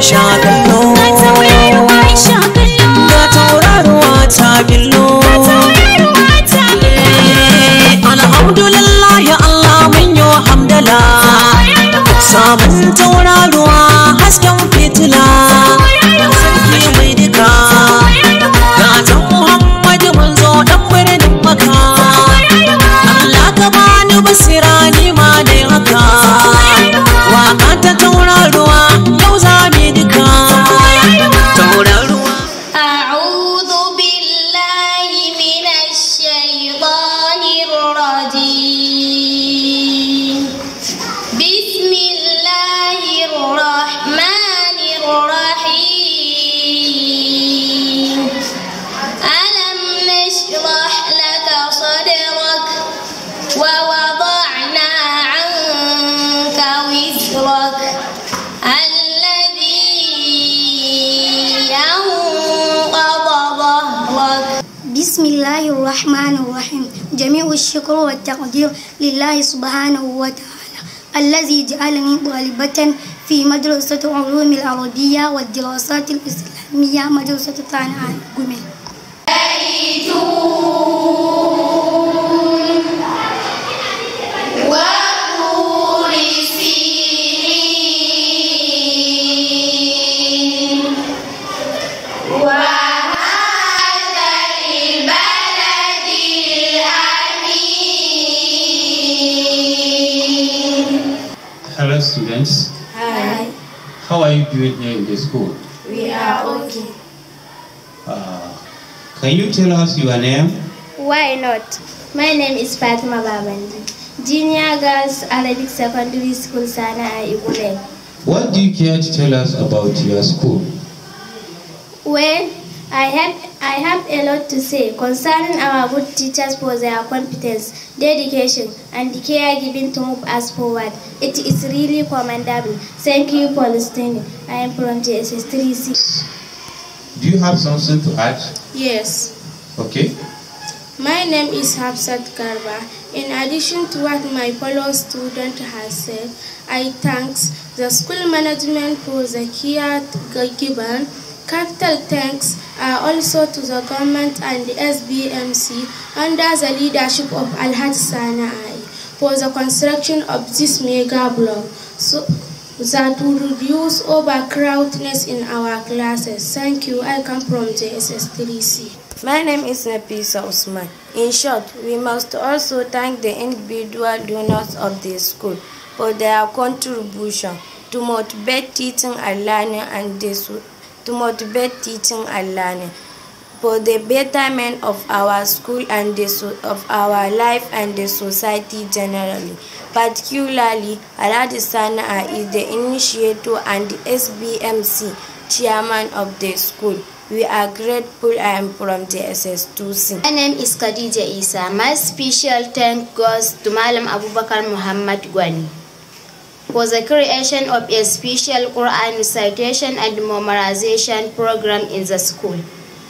sha بسم الله الرحمن الرحيم جميع الشكر والتقدير لله سبحانه وتعالى الذي جعلني طالبة في مدرسة علوم العربية والدراسات الإسلامية مدرسة صنعاء قمل Hello students. Hi. How are you doing here in the school? We are okay. Uh, can you tell us your name? Why not? My name is Fatima Babandi, Junior Girls Arabic Secondary School Sana Ibule. What do you care to tell us about your school? Well, I have, I have a lot to say concerning our good teachers for their competence, dedication, and the care given to move us forward. It is really commendable. Thank you for listening. I am from JSS3C. Do you have something to add? Yes. Okay. My name is Habsat Garba. In addition to what my fellow student has said, I thank the school management for the care given Capital thanks are uh, also to the government and the SBMC under the leadership of al Sana'i for the construction of this mega block so that will reduce overcrowdedness in our classes. Thank you. I come from JSS3C. My name is Napisa Usman. In short, we must also thank the individual donors of the school for their contribution to motivate teaching and learning and this to motivate teaching and learning for the betterment of our school and the so of our life and the society generally. Particularly, Aladi Sana'a is the initiator and the SBMC chairman of the school. We are grateful I am from the SS2C. My name is Khadija Isa. My special thank goes to Malam Abubakar Muhammad Gwani was the creation of a special Quran recitation and memorization program in the school.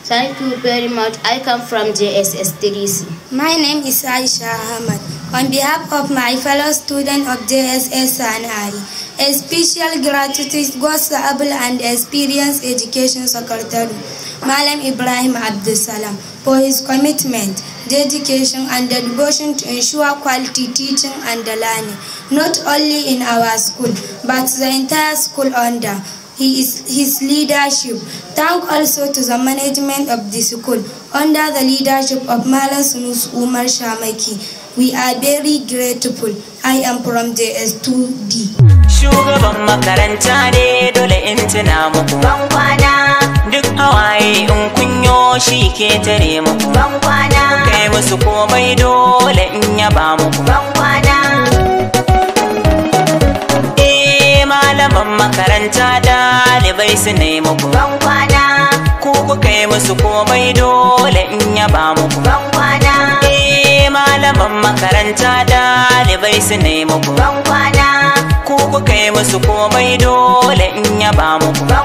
Thank you very much. I come from JSS 3C. My name is Aisha Ahmad. On behalf of my fellow students of JSS Sanhari, a special gratitude goes to Able and Experience Education Secretary Malam Ibrahim Abdusalam, for his commitment, dedication and devotion to ensure quality teaching and learning, not only in our school, but the entire school under his, his leadership. Thank also to the management of the school under the leadership of Malam Sunus Umar Shamaki We are very grateful. I am from JS2D. Shugaban makaranta ne dole in tuna muku. Ban Duk hawaye in kunyo shi ke tare muku. Ban kwana. Kai musu komai dole in yaba muku. Ban Eh malaman makaranta dalibai su ne muku. Ban Ku kai musu komai dole in yaba muku. Ban malaman makaranta dalibai su ne muku ban ku ku kai musu komai dole in ya ba muku ban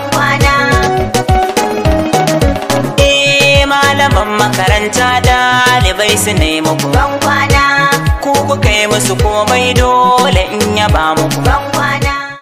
eh malaman makaranta dalibai su ne muku ban ku ku kai musu komai dole in ya ba muku